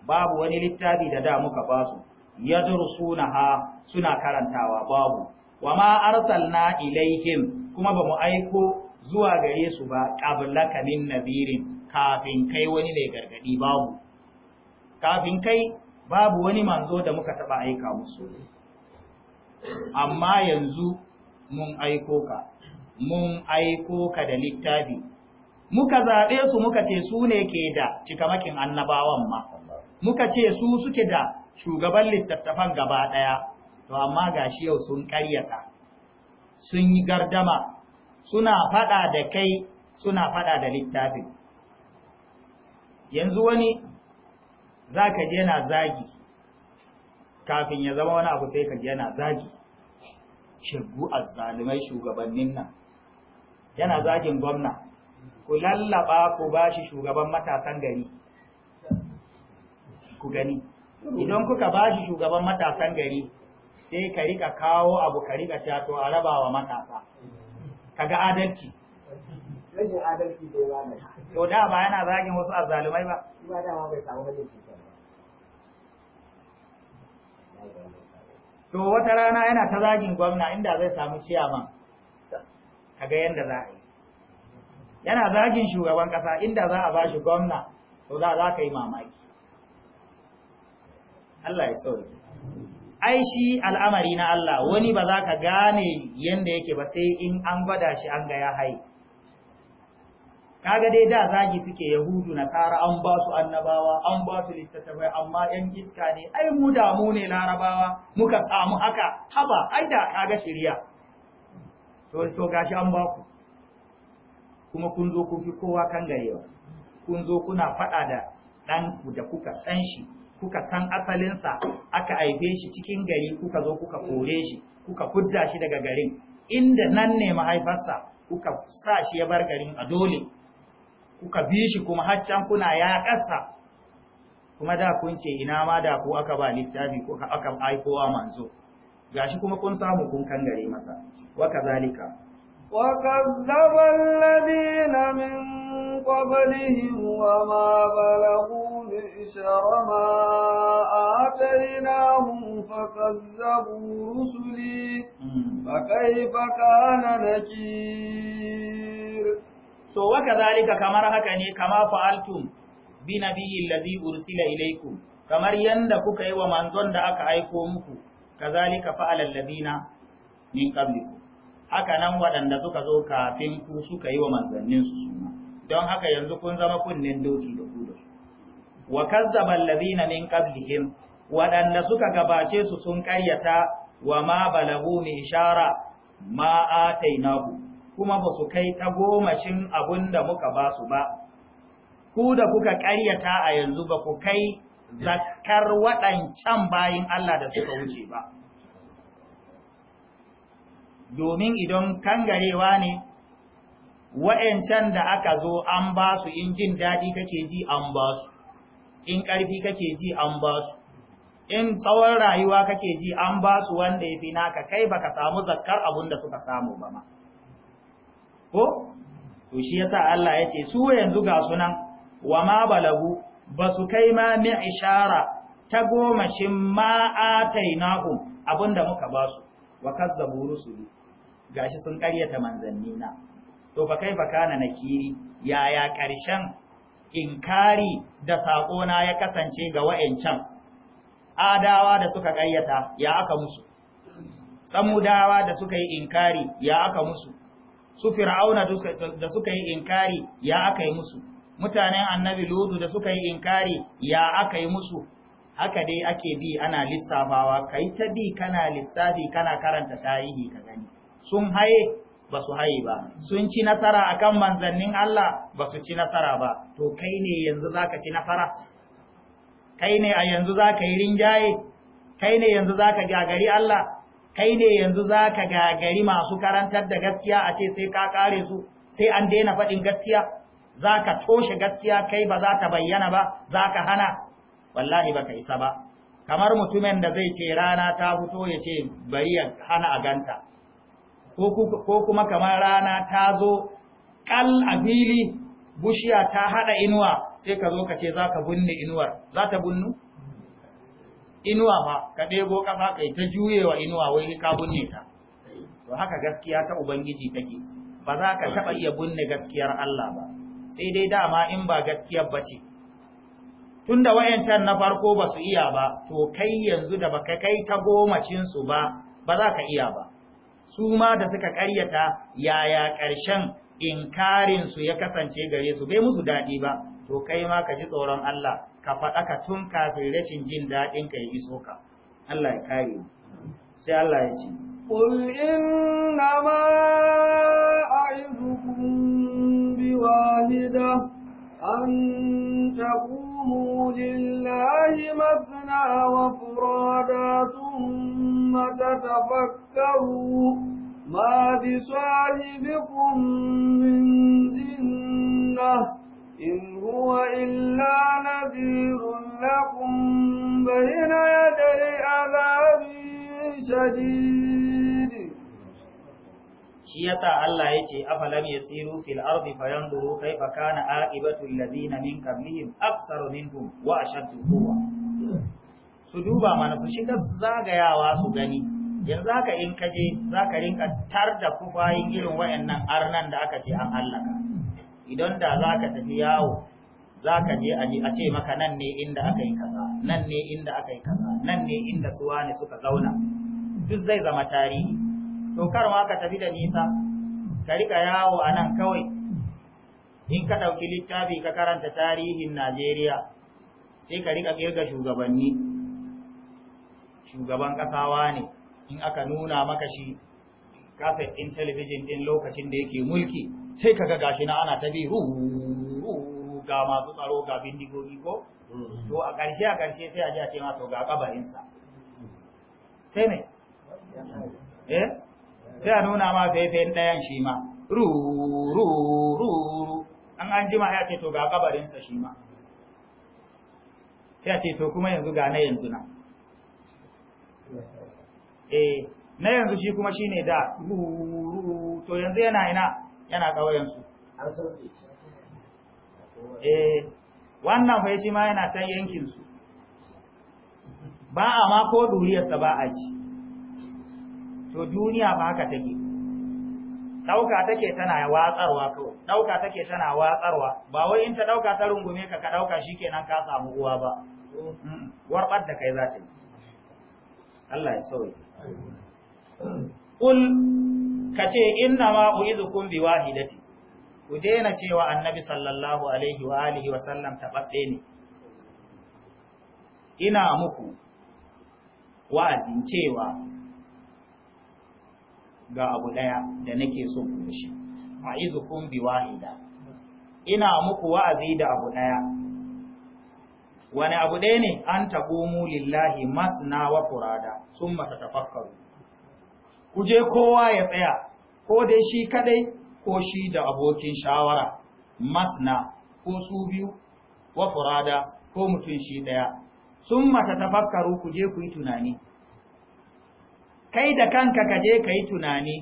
babu wani littafi da da muka ba su ya ha suna karantawa babu wa ma arsalna ilaihim kuma ba mu aiko zuwa gare su ba qablaka min nabirin kafin kai wani mai gargadi babu kafin kai babu wani manzo da muka taɓa aika musu amma yanzu mun aiko ka mun aiko ka da littafi muka zaɓe su muka ce su ne ke da cikamakin annabawan ma muka ce su suke da shugaban littattafan gaba ɗaya to amma ga shi yau sun ƙaryata sun yi gardama suna faɗa da kai suna faɗa da littafin yanzu wani za ka je na zagi kafin ya zama wani abu sai ka je na zagi shirgu a zalimai shugabannin nan yana zagin gwamna ku lallaba ku ba shi shugaban matasan gari ku gani idan kuka ba shi shugaban matasan gari sai ka rika kawo abu ka rika cato a rabawa matasa ka ga adalci rashin adalci da ya to da ba yana zagin wasu azzalumai ba ba da ma bai samu hajjin cutar to wata rana yana ta zagin gwamna inda zai samu ciyaman kaga yadda za a yi yana zagin shugaban kasa inda za a ba shi gwamna to za za ka yi mamaki Allah ya sauri ai shi al'amari na Allah wani ba za ka gane yadda yake ba sai in an gwada shi an ga ya haye kaga dai da zagi suke yahudu nasara an ba su annabawa an ba su littattafai amma yan iska ne ai mu damu ne larabawa muka samu haka haba ai da kaga shirya to to gashi an ba ku kuma kun zo kun fi kowa kan garewa kun zo kuna faɗa da ɗan da kuka san shi kuka san asalinsa aka aibe shi cikin gari kuka zo kuka kore shi kuka fudda shi daga garin inda nan ne mahaifarsa kuka sa shi ya bar garin a dole kuka bi shi kuma haccan kuna ya ƙasa kuma da kun ce ina ma da ku aka ba littafi ko aka aikowa manzo gashi kuma kun samu kun kangare masa wa kazalika wa kadzaba alladhina min qablihim wa ma balagu bi'shara ma atainahum fakazzabu rusuli hmm. fa kaifa kana nakir to waka zalika kamar haka ne kama fa'altum bi nabiyyi allazi ursila ilaikum kamar yanda kuka yi wa manzon da aka aiko muku kazalika fa'ala allazina min qablikum haka nan waɗanda suka zo kafin ku suka yi wa manzannin su don haka yanzu kun zama kunnen doki da ku da wa kazzaba allazina min qablihim waɗanda suka gabace su sun ƙaryata wa ma balagu min ishara ma atainahu kuma ba su kai gomashin abun da muka ba su ba ku da kuka ƙaryata a yanzu ba ku kai zakar waɗancan bayin Allah da suka wuce ba domin idan kangarewa ne wa'yancan da aka zo an ba su in jin daɗi kake ji an ba su, in ƙarfi kake ji an ba su, in tsawon rayuwa kake ji an ba su wanda ya fi naka kai baka samu zakkar abun da suka samu ba ma. ko to shi yasa Allah ya ce su yanzu ga sunan wa ma balagu ba kai ma mi ishara ta goma shi ma atainahum abinda muka ba su wa kazzabu rusuli gashi sun karyata manzanni na to ba kai na nakiri yaya karshen inkari da sako na ya kasance ga wayancan adawa da suka karyata ya aka musu samudawa da suka yi inkari ya aka musu su fir'auna da suka yi inkari ya aka yi musu mutanen annabi lodu da suka yi inkari ya aka yi musu haka dai ake bi ana lissafawa kai ta bi kana lissafi kana karanta tarihi ka gani sun haye ba su haye ba sun ci nasara akan manzannin Allah ba su ci nasara ba to kai ne yanzu zaka ci nasara kai ne a yanzu zaka yi rinjaye kai ne yanzu zaka gagari Allah kai ne yanzu za ka gagari masu karantar da gaskiya a ce sai ka kare su sai an daina faɗin gaskiya za ka toshe gaskiya kai ba za ta bayyana ba za ka hana wallahi ba ka isa ba kamar mutumin da zai ce rana ta fito ya ce bari ya hana a ganta ko kuma kamar rana ta zo ƙal a fili bushiya ta haɗa inuwa sai ka zo ka ce za ka bunne inuwar za ta bunnu inuwa ba ka ɗebo ƙasa kai ta juyewa inuwa wai ka binne ta to haka gaskiya ta ubangiji take ba za ka taɓa iya binne gaskiyar Allah ba sai dai dama in ba gaskiyar ba ce tunda wayancan na farko ba su iya ba to kai yanzu da baka kai ta gomacin su ba ba za ka iya ba su ma da suka ƙaryata, yaya ƙarshen inkarin su ya kasance gare su bai musu daɗi ba to kai ma ka ji tsoron Allah ka faɗa ka tun kafin rashin jin daɗin ka ya iso ka Allah ya kare sai Allah ya ce قل إنما أعظكم بواحدة أن تقوموا لله مثنى وفرادا ثم تتفكروا ما بصاحبكم من جنة إن هو إلا نذير لكم بين يدي عذاب شديد shi yasa Allah ya ce afalam yasiru fil ardi fayanzuru kaifa kana aqibatu alladhina min qablihim aksaru minhum wa ashaddu quwwa su duba mana su shiga zagayawa su gani yanzu haka in kaje zaka rinka tar da kufayin irin wayannan arnan da aka ce an allaka. idan da za ka tafi yawo za ka je a ce maka nan ne inda aka yi kaza nan ne inda aka yi kaza nan ne inda suwa ne suka zauna duk zai zama tarihi to kar ma ka tafi da nisa ka rika yawo a nan kawai in ka ɗauki littafi ka karanta tarihin najeriya sai ka rika kirga shugabanni shugaban ƙasawa ne in aka nuna maka shi kaset ɗin talabijin ɗin lokacin da yake mulki sai kaga gashi na ana ta bi ruhu ga masu tsaro ga bindigogi ko mm. to a ƙarshe a ƙarshe sai a ji a ce mato ga ƙabarinsa sai ne eh sai a nuna ma faifayin ɗayan shi ma ruru an an jima ya ce to ga ƙabarinsa shi ma sai a ce to kuma yanzu ga na yanzu na eh na yanzu shi kuma shine da ruru to yanzu yana ina yana su. eh wannan fa yace ma yana ta yankinsu ba a ma ko duriyarsa ba a ci to duniya ba haka take ɗauka take tana watsarwa kawai ɗauka take tana watsarwa ba wai in ta ɗauka ta rungume ka ka ɗauka shi kenan ka samu uwa ba warɓar da kai za ta yi Allah ya sauya ƙul ka ce inna ma uizukum bi wahidati ku daina cewa annabi sallallahu alaihi wa alihi wa sallam tababbe ne ina muku wa'adin cewa ga abu daya da nake so ku shi, dashi uizukum bi wahida ina muku wa'azi da abu daya wani abu daya ne an mu lillahi masna wa furada summa tatafakkaru kuje kowa ya tsaya ko dai shi kadai ko shi da abokin shawara masna ko su biyu wa furada ko mutum shi daya sun mata tafakkaru ku je ku yi tunani kai da kanka ka je ka yi tunani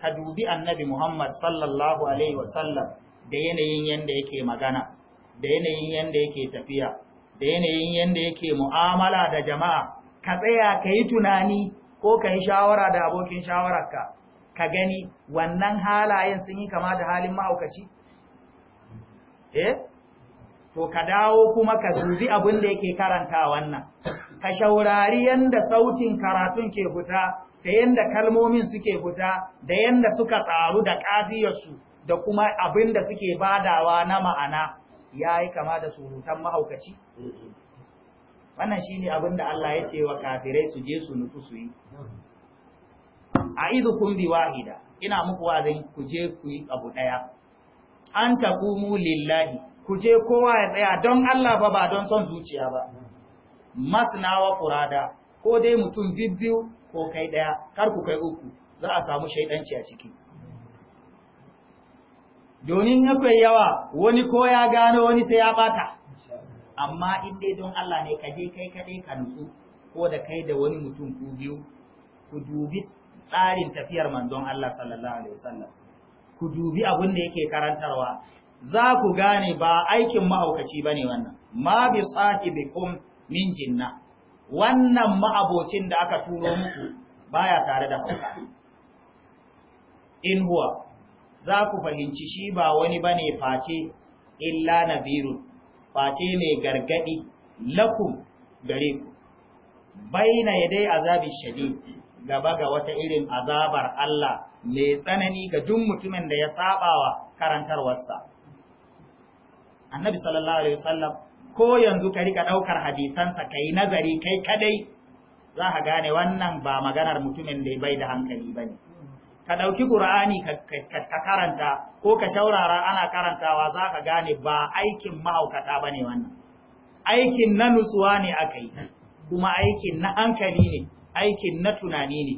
ka dubi annabi Muhammad sallallahu alaihi wasallam da yanayin yanda yake magana da yanayin yanda yake tafiya da yanayin yanda yake mu'amala da jama'a ka tsaya ka yi tunani ko ka yi shawara da abokin shawararka ka gani wannan halayen sun yi kama da halin ma'aukaci eh to ka dawo kuma ka zubi abin da yake karanta wannan ka shaurari yadda sautin karatun ke fita da yadda kalmomin suke fita da yadda suka tsaru da ƙafiyarsu, da kuma abin da suke badawa na ma'ana ya yi kama da surutan mahaukaci wannan shi abin abinda Allah ya ce wa kafirai su je su nufi su yi kun bi wahida ina muku wazin ku je ku yi abu ɗaya. an taqumu lillahi ku je kowa ya tsaya don Allah ba ba don son zuciya ba masna wa furada ko dai mutum bibbiyu ko kai ɗaya, kar ku kai uku za a samu shaidanci a ciki domin akwai yawa wani ko ya gano wani sai ya bata amma in dai don Allah ne ka je kai kaɗai ka nutsu ko da kai da wani mutum ku biyu ku dubi tsarin tafiyar manzon Allah sallallahu alaihi wasallam ku dubi abin da yake karantarwa za ku gane ba aikin mahaukaci bane wannan ma bi sahibikum min jinna wannan ma'abocin da aka turo muku baya tare da hauka in huwa za ku fahimci shi ba wani bane face illa nadhirun face mai gargadi lakum gare ku baina dai azabi shadi gaba ga wata irin azabar Allah mai tsanani ga duk mutumin da ya sabawa karantarwarsa annabi sallallahu alaihi wasallam ko yanzu ka rika daukar hadisansa kai nazari kai kadai za ka gane wannan ba maganar mutumin da bai da hankali bane ka dauki qur'ani ka karanta ko ka shaurara ana karantawa za ka gane ba aikin mahaukata ba ne wannan aikin na nutsuwa ne aka yi kuma aikin na hankali ne aikin na tunani ne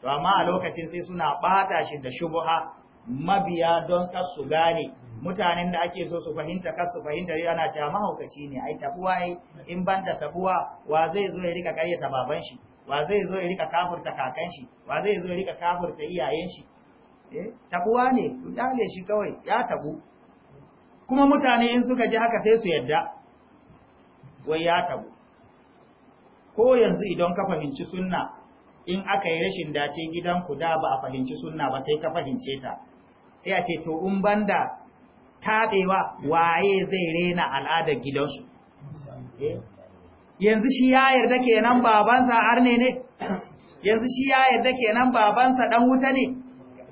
to amma a lokacin sai suna bata shi da shubuha mabiya don kar su gane mutanen da ake so su fahimta kar su yi yana cewa mahaukaci ne ai tabuwa yi in banta tabuwa wa zai zo ya rika karyata baban shi wa zai zo ya rika kafurta kakan shi wa zai zo ya rika kafurta iyayen shi Eh, tabuwa ne ku shi kawai ya tabu kuma mutane in suka ji haka sai su yadda wai ya tabu ko yanzu idan ka fahimci sunna in aka yi rashin dace gidanku da ba a fahimci sunna ba sai ka fahimce ta sai a ce to in banda taɓewa waye zai rena al'adar gidansu eh, yanzu shi ya yarda kenan babansa arne ne yanzu shi ya yarda kenan babansa dan wuta ne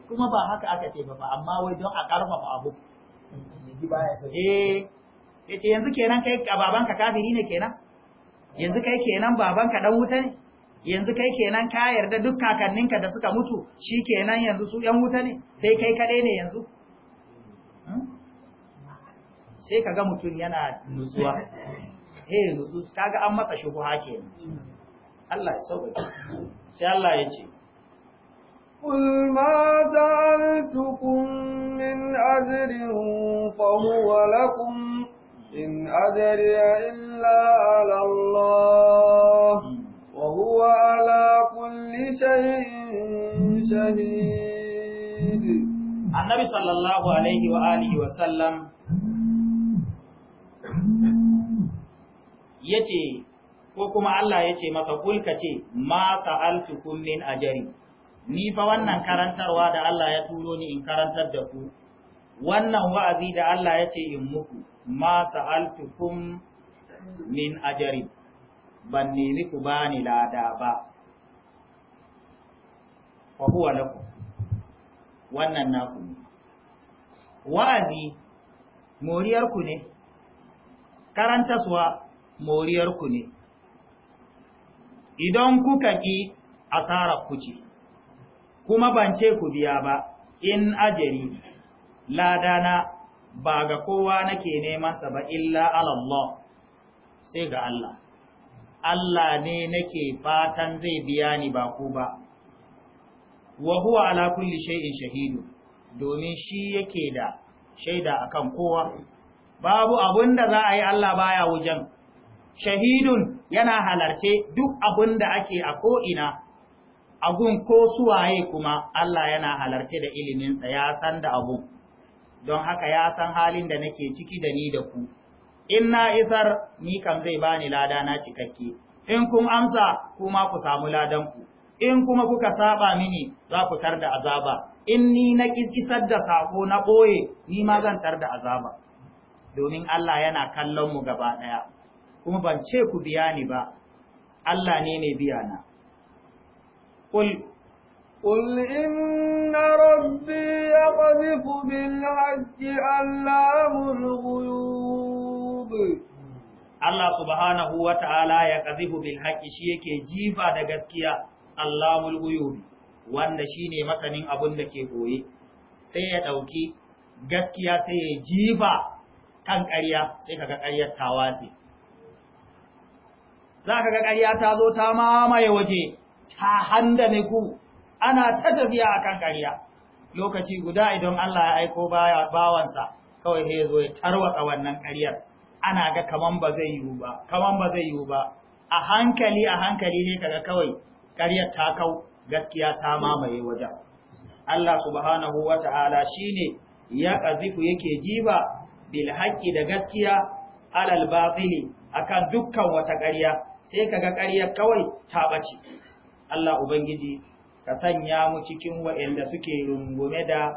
kuma ba haka aka ce ba amma wai don a karfafa abu eh yace yanzu kenan kai babanka kafiri ne kenan yanzu kai kenan babanka dan wuta ne yanzu kai kenan ka yarda duk kakanninka da suka mutu shi kenan yanzu su yan wuta ne sai kai kade ne yanzu hmm? sai kaga mutum yana nutsuwa eh nutsu kaga an masa shubuha hake hmm. Allah ya sauke sai Allah ya ce قل ما جعلتكم من أجر فهو لكم إن أجري إلا على الله وهو على كل شيء شهيد النبي صلى الله عليه وآله وسلم yace ko kuma Allah yace masa kulka ce ma sa'altukum min ajri ni fa wannan karantarwa da Allah ya turo ni in karantar da ku wannan wa'azi da Allah ya ce in muku ma sa'altukum min ajari ban nemi ku bani lada ba fa huwa lakum wannan naku ne wa'azi moriyar ku ne karantaswa moriyar ku ne idan kuka ki asara ku ce kuma ban ce ku biya ba in ajari ladana ba ga kowa nake neman sa ba illa Allah sai ga Allah Allah ne nake fatan zai biya ni ba ku ba wa huwa ala kulli shay'in shahidu domin shi yake da shaida akan kowa babu abunda za a yi Allah baya wujen shahidun yana halarce duk da ake a ko'ina agun ko su waye kuma Allah yana halarce da iliminsa ya san da abun don haka ya san halin da nake ciki da ni da ku in na isar ni kam zai bani lada na cikakke in kun amsa kuma ku samu ladan ku in kuma kuka saba mini za ku tar da azaba in ni na kisar da sako na ɓoye ni ma zan tar da azaba domin Allah yana kallon mu gaba ɗaya, kuma ban ce ku biya ni ba Allah ne mai biya na قل قل إن ربي يقذف بالحق علام الغيوب Allah subhanahu wa ta'ala ya ƙazifu bil haƙi shi yake jifa da gaskiya Allahul guyubi wanda shi ne masanin abun da ke koye, sai ya ɗauki gaskiya sai ya jifa kan ƙarya sai kaga ƙaryar ta watsi za ka ga ƙarya ta zo ta mamaye waje ta handame ku ana ta tafiya kan ƙarya lokaci guda idan Allah ya aiko bawansa kawai sai zo ya tarwatsa wannan ƙaryar ana ga kaman ba zai yiwu ba kaman ba zai yiwu ba a hankali a hankali ne kaga kawai ƙaryar ta kau gaskiya ta mamaye wajen Allah subhanahu wata'ala shine ya kazifu yake jiba bil haqqi da gaskiya alal batili akan dukkan wata ƙarya sai kaga ƙaryar kawai ta ɓace. Allah Ubangiji ka sanya mu cikin waɗanda suke rungume da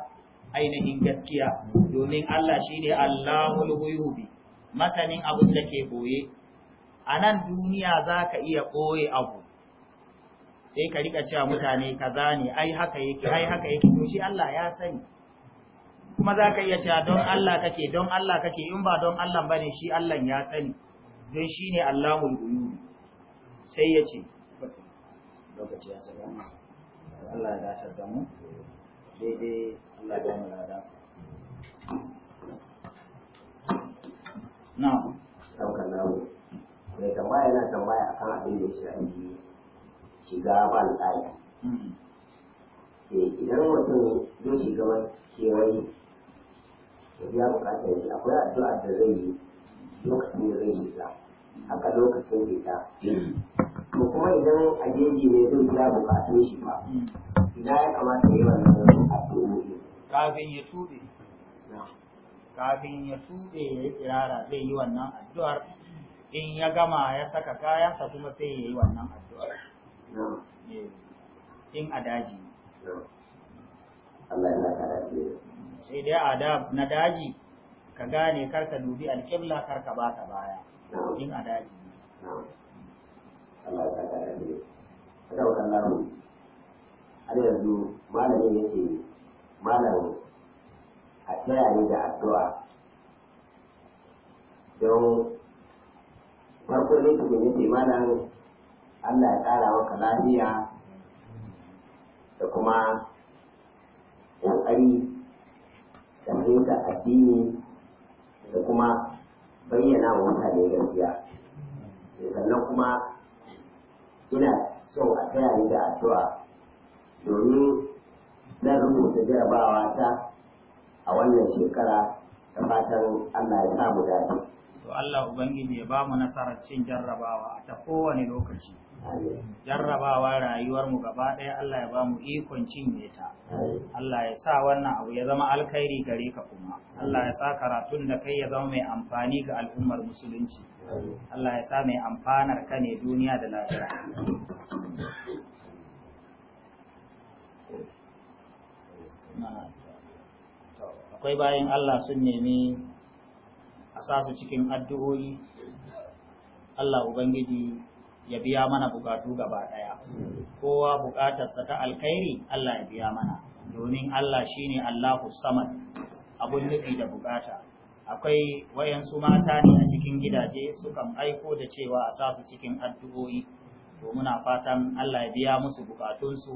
ainihin gaskiya domin Allah shi ne Allahul huyubi masanin abin da ke boye a nan duniya za ka iya koye abu sai ka rika cewa mutane ka zane ai haka yake ai haka yake to shi Allah ya sani kuma za ka iya cewa don Allah kake don Allah kake in ba don Allah bane shi Allah ya sani don shi ne Allahul Huyubi. sai ya ce lokaci ya taɓa mu Allah ya dace da mu daidai Allah ya mu lada na ɗaukar namu mai tambaya yana tambaya akan abin da ya shafi shiga ban ɗaya mm-hmm. eh, idan mutum zai shiga kewaye ya bukatar shi akwai addu'ar da zai yi lokacin da zai shiga haka lokacin fita mm-hmm. to kuma idan a jeji ne zai biya bukatun shi ba ina ya kamata ya yi wannan addu'o'i kafin ya tube kafin ya tube ya yi tsirara zai yi wannan addu'ar in ya gama ya saka kayansa kuma sai ya yi wannan addu'ar eh, in a daji sai dai adab na daji ka gane karka dubi alƙibla karka ba ta baya in a daji Allah ya saka da ne kada wa Allah har yanzu malami malamin ce, malam a taya ni da addu'a don farko ne kuma nake malam Allah ya ƙara maka lafiya da kuma ƙoƙari da fahimta addini da kuma bayyana wa mutane gaskiya sannan kuma ina so a taya ni da addu'a domin na rubuta jarabawa ta a wannan shekara da fatan Allah ya samu dace. To Allah Ubangiji ya ba mu nasarar cin jarrabawa a ta kowane lokaci. jarrabawa rayuwarmu gaba ɗaya Allah ya ba mu ikon cinye ta Allah ya sa wannan abu ya zama alkhairi gare ka kuma Allah ya sa karatun da kai ya zama mai amfani ga al'ummar musulunci Allah ya sa mai amfanar ka ne duniya da lafiya akwai bayan Allah sun nemi a sa su cikin addu'o'i Allah Ubangiji ya biya mana bukatu gaba ɗaya. kowa bukatarsa ta alkhairi Allah ya biya mana domin Allah shi shine Allahu saman abun nufi da bukata akwai wayansu mata ne a cikin gidaje sukan aiko da cewa a sa su cikin addu'o'i to muna fatan Allah ya biya musu bukatunsu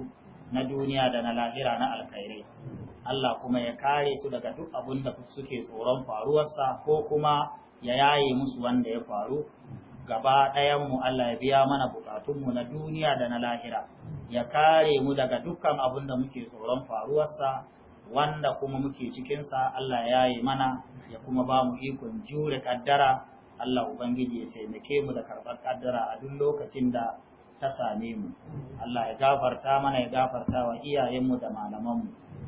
na duniya da na lahira na alkhairai Allah kuma ya kare su daga duk abun da suke tsoron faruwarsa ko kuma ya yaye musu wanda ya faru gaba ɗayanmu Allah ya biya mana mu na duniya da na lahira ya kare mu daga dukkan abin da muke tsoron faruwarsa wanda kuma muke cikinsa Allah ya yi mana ya kuma ba mu ikon jure ƙaddara. Allah Ubangiji ya taimake mu da karɓar ƙaddara a duk lokacin da ta same mu Allah ya gafarta mana ya gafarta wa iyayenmu da malamanmu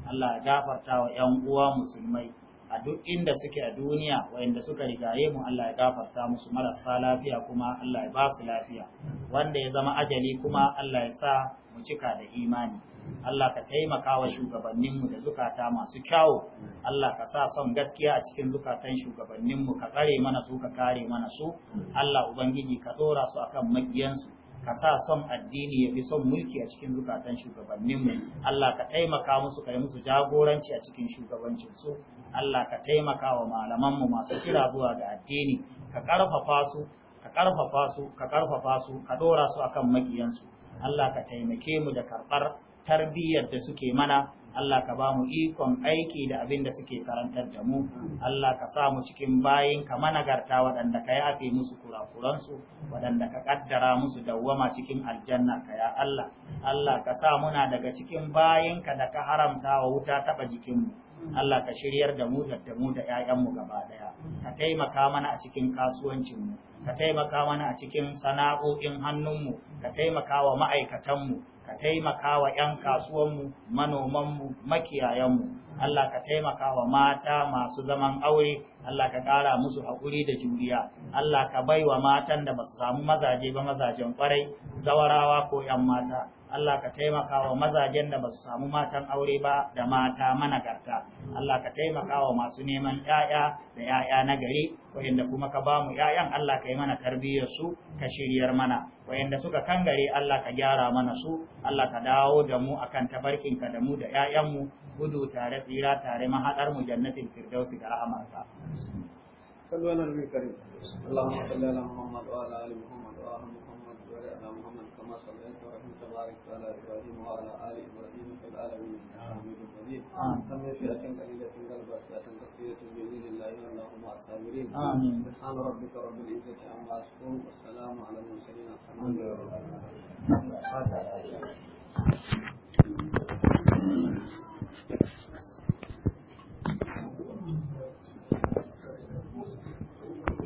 Allah ya gafarta wa 'yan uwa musulmai a duk inda suke a duniya wayanda suka rigaye mu Allah ya gafarta musu marasa lafiya kuma Allah ya ba su lafiya wanda ya zama ajali kuma Allah ya sa mu cika da imani Allah ka taimaka wa shugabanninmu da zukata masu kyawu Allah ka sa son gaskiya a cikin zukatan shugabanninmu ka tsare mana su ka kare mana su Allah ubangiji ka dora su akan magiyansu ka sa son addini ya fi son mulki a cikin zukatan shugabanninmu Allah ka taimaka musu ka yi musu jagoranci a cikin shugabancinsu Allah ka taimaka wa malamanmu masu kira zuwa ga addini ka ƙarfafa su ka ƙarfafa su ka karfafa su ka ɗora su akan magiyansu Allah ka taimake mu da karɓar tarbiyyar da suke mana Allah ka ba mu ikon aiki da abin da suke karantar da mu Allah ka sa mu cikin bayin ka managarta waɗanda ka yafe musu kurakuransu waɗanda ka ƙaddara musu dawwama cikin aljanna ka ya Allah Allah ka sa muna daga cikin bayin ka da ka haramta wa wuta taɓa jikinmu Allah ka shiryar da mu da mu da ‘ya'yanmu gaba ɗaya, ka taimaka mana a cikin kasuwancinmu, ka taimaka mana a cikin sana'o'in hannunmu, ka taimaka wa ma'aikatanmu, ka taimaka wa 'yan kasuwanmu manomanmu makiyayanmu Allah ka taimaka wa mata masu zaman aure Allah ka ƙara musu haƙuri da juriya Allah ka bai wa matan da ba su samu mazaje ba mazajen ƙwarai zawarawa ko 'yan mata Allah ka taimaka wa mazajen da ba su samu matan aure ba da mata managarta Allah ka taimaka wa masu neman ƴaƴa da ƴaƴa na gari wayanda kuma ka ba mu ƴaƴan Allah ka yi mana tarbiyyar su ka shiryar mana wayanda suka kan gari Allah ka gyara mana su Allah ka dawo da mu akan tabarkinka da mu da ‘ya’yanmu gudu tare tsira tare mahaɗar mu jannatin firdausi da rahamarka وبارك على ابراهيم وعلى ال ابراهيم في العالمين انك حميد مجيد سمي فئه قليله غلبت فئه كثيره باذن الله والله مع الصابرين امين سبحان ربك رب العزه عما يصفون والسلام على المرسلين الحمد لله Thank you.